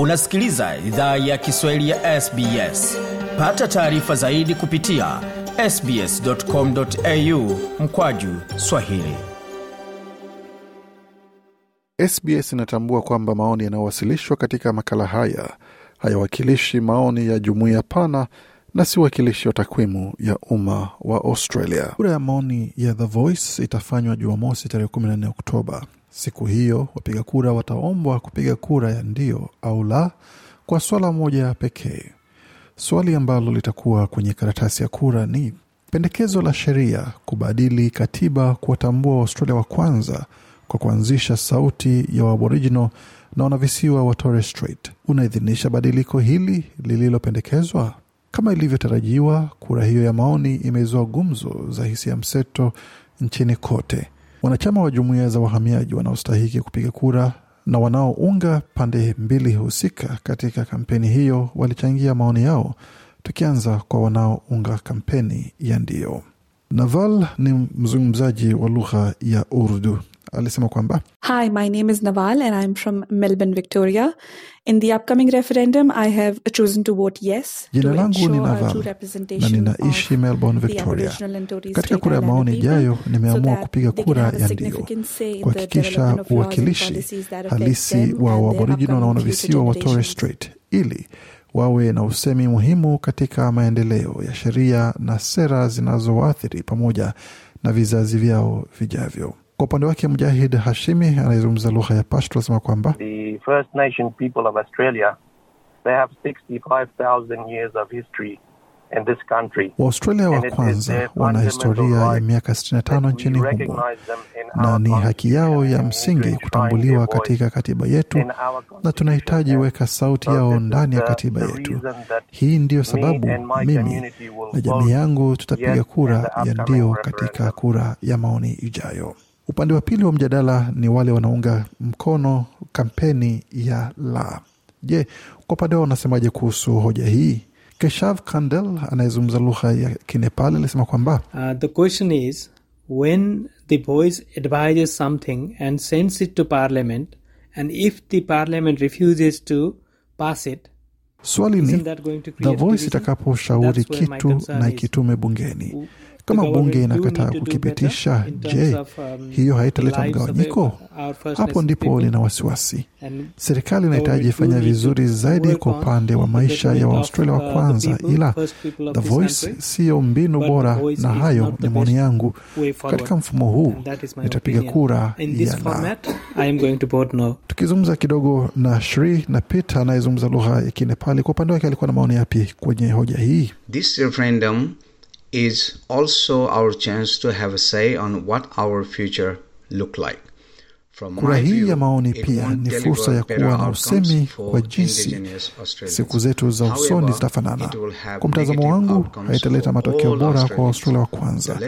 unasikiliza idhaa ya kiswahili ya sbs pata taarifa zaidi kupitia sbscomau mkwaju swahili sbs inatambua kwamba maoni yanayowasilishwa katika makala haya hayawakilishi maoni ya jumuiya pana na si wakilishi wa takwimu ya umma wa Australia. Kura ya maoni ya The Voice itafanywa Jumamosi tarehe 14 Oktoba. Siku hiyo wapiga kura wataombwa kupiga kura ya ndio au la kwa swala moja pekee. Swali ambalo litakuwa kwenye karatasi ya kura ni pendekezo la sheria kubadili katiba kuwatambua Waustralia wa kwanza kwa kuanzisha sauti ya Waaboriginal na wanavisiwa wa Torres Strait. Unaidhinisha badiliko hili lililopendekezwa? Kama ilivyotarajiwa, kura hiyo ya maoni imezua gumzo za hisia mseto nchini kote. Wanachama wa jumuiya za wahamiaji wanaostahiki kupiga kura na wanaounga pande mbili husika katika kampeni hiyo walichangia maoni yao, tukianza kwa wanaounga kampeni ya ndio. Naval ni mzungumzaji wa lugha ya Urdu alisema kwamba Hi, my name is Nawal and I'm from Melbourne, Victoria. In the upcoming referendum, I have chosen to vote yes. Jina langu ni Nawal na ninaishi Melbourne, Victoria. Katika kura ya maoni ijayo, nimeamua so kupiga kura ya ndio kuhakikisha uwakilishi halisi wa Waborijini na wanavisiwa wa Torres Strait ili wawe na usemi muhimu katika maendeleo ya sheria na sera zinazowaathiri pamoja na vizazi vyao vijavyo. Kwa upande wake mjahid Hashimi anayezungumza lugha ya Pashto anasema kwamba waustralia Waaustralia wa kwanza wana historia ya miaka 65 nchini humo na ni haki yao ya msingi kutambuliwa katika katiba yetu, na tunahitaji weka sauti yao ndani ya katiba yetu. Hii ndiyo sababu mimi na jamii yangu tutapiga kura ya ndio katika kura ya maoni ijayo. Upande wa pili wa mjadala ni wale wanaunga mkono kampeni ya la. Je, kwa upande wao wanasemaje kuhusu hoja hii? Keshav Kandel anayezungumza lugha ya Kinepal alisema kwamba uh, the question is when the voice advises something and sends it to parliament and if the parliament refuses to pass it Swali ni The Voice itakaposhauri kitu na ikitume bungeni, kama bunge inakataa kukipitisha, je, um, hiyo haitaleta mgawanyiko? Hapo ndipo nina wasiwasi. Serikali inahitaji ifanya vizuri zaidi kwa upande wa maisha ya Waaustralia wa uh, kwanza, ila The Voice siyo mbinu bora, na hayo ni maoni yangu katika mfumo huu. Nitapiga kura ya na. Tukizungumza kidogo na Shri na Peter anayezungumza lugha ya Kinepali, kwa upande wake alikuwa na maoni yapi kwenye hoja hii? This referendum is also our chance to have a say on what our future look like. Kura hii ya maoni pia ni fursa ya kuwa na usemi kwa jinsi siku zetu za usoni zitafanana. Kwa mtazamo wangu, haitaleta matokeo bora kwa Waustralia wa kwanza,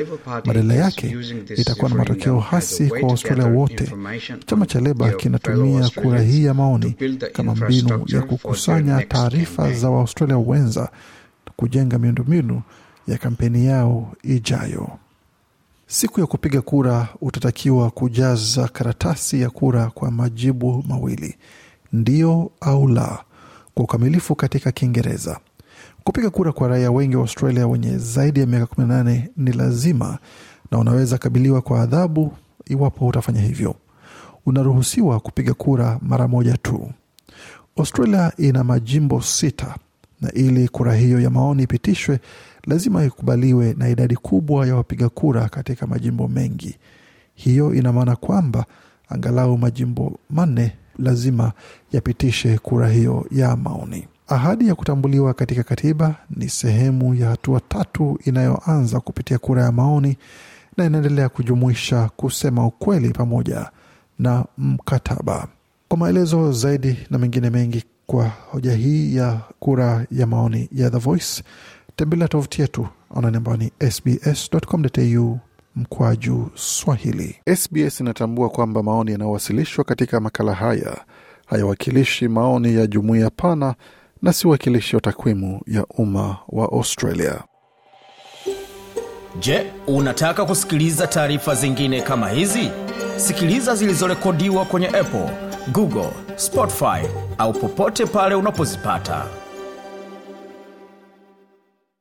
badala yake itakuwa na matokeo hasi kwa Waustralia wote. Chama cha Leba kinatumia kura hii ya maoni kama mbinu ya kukusanya taarifa za Waustralia wenza kujenga miundombinu ya kampeni yao ijayo. Siku ya kupiga kura utatakiwa kujaza karatasi ya kura kwa majibu mawili, ndio au la, kwa ukamilifu katika Kiingereza. Kupiga kura kwa raia wengi wa Australia wenye zaidi ya miaka 18 ni lazima na unaweza kabiliwa kwa adhabu iwapo utafanya hivyo. Unaruhusiwa kupiga kura mara moja tu. Australia ina majimbo sita, na ili kura hiyo ya maoni ipitishwe lazima ikubaliwe na idadi kubwa ya wapiga kura katika majimbo mengi. Hiyo ina maana kwamba angalau majimbo manne lazima yapitishe kura hiyo ya maoni. Ahadi ya kutambuliwa katika katiba ni sehemu ya hatua tatu inayoanza kupitia kura ya maoni na inaendelea kujumuisha kusema ukweli pamoja na mkataba. Kwa maelezo zaidi na mengine mengi kwa hoja hii ya kura ya maoni ya The Voice, tembelea tovuti yetu anani ambayo ni sbs.com.au mkwaju swahili. SBS inatambua kwamba maoni yanayowasilishwa katika makala haya hayawakilishi maoni ya jumuiya pana na si wakilishi wa takwimu ya umma wa Australia. Je, unataka kusikiliza taarifa zingine kama hizi? Sikiliza zilizorekodiwa kwenye Apple, Google, Spotify au popote pale unapozipata.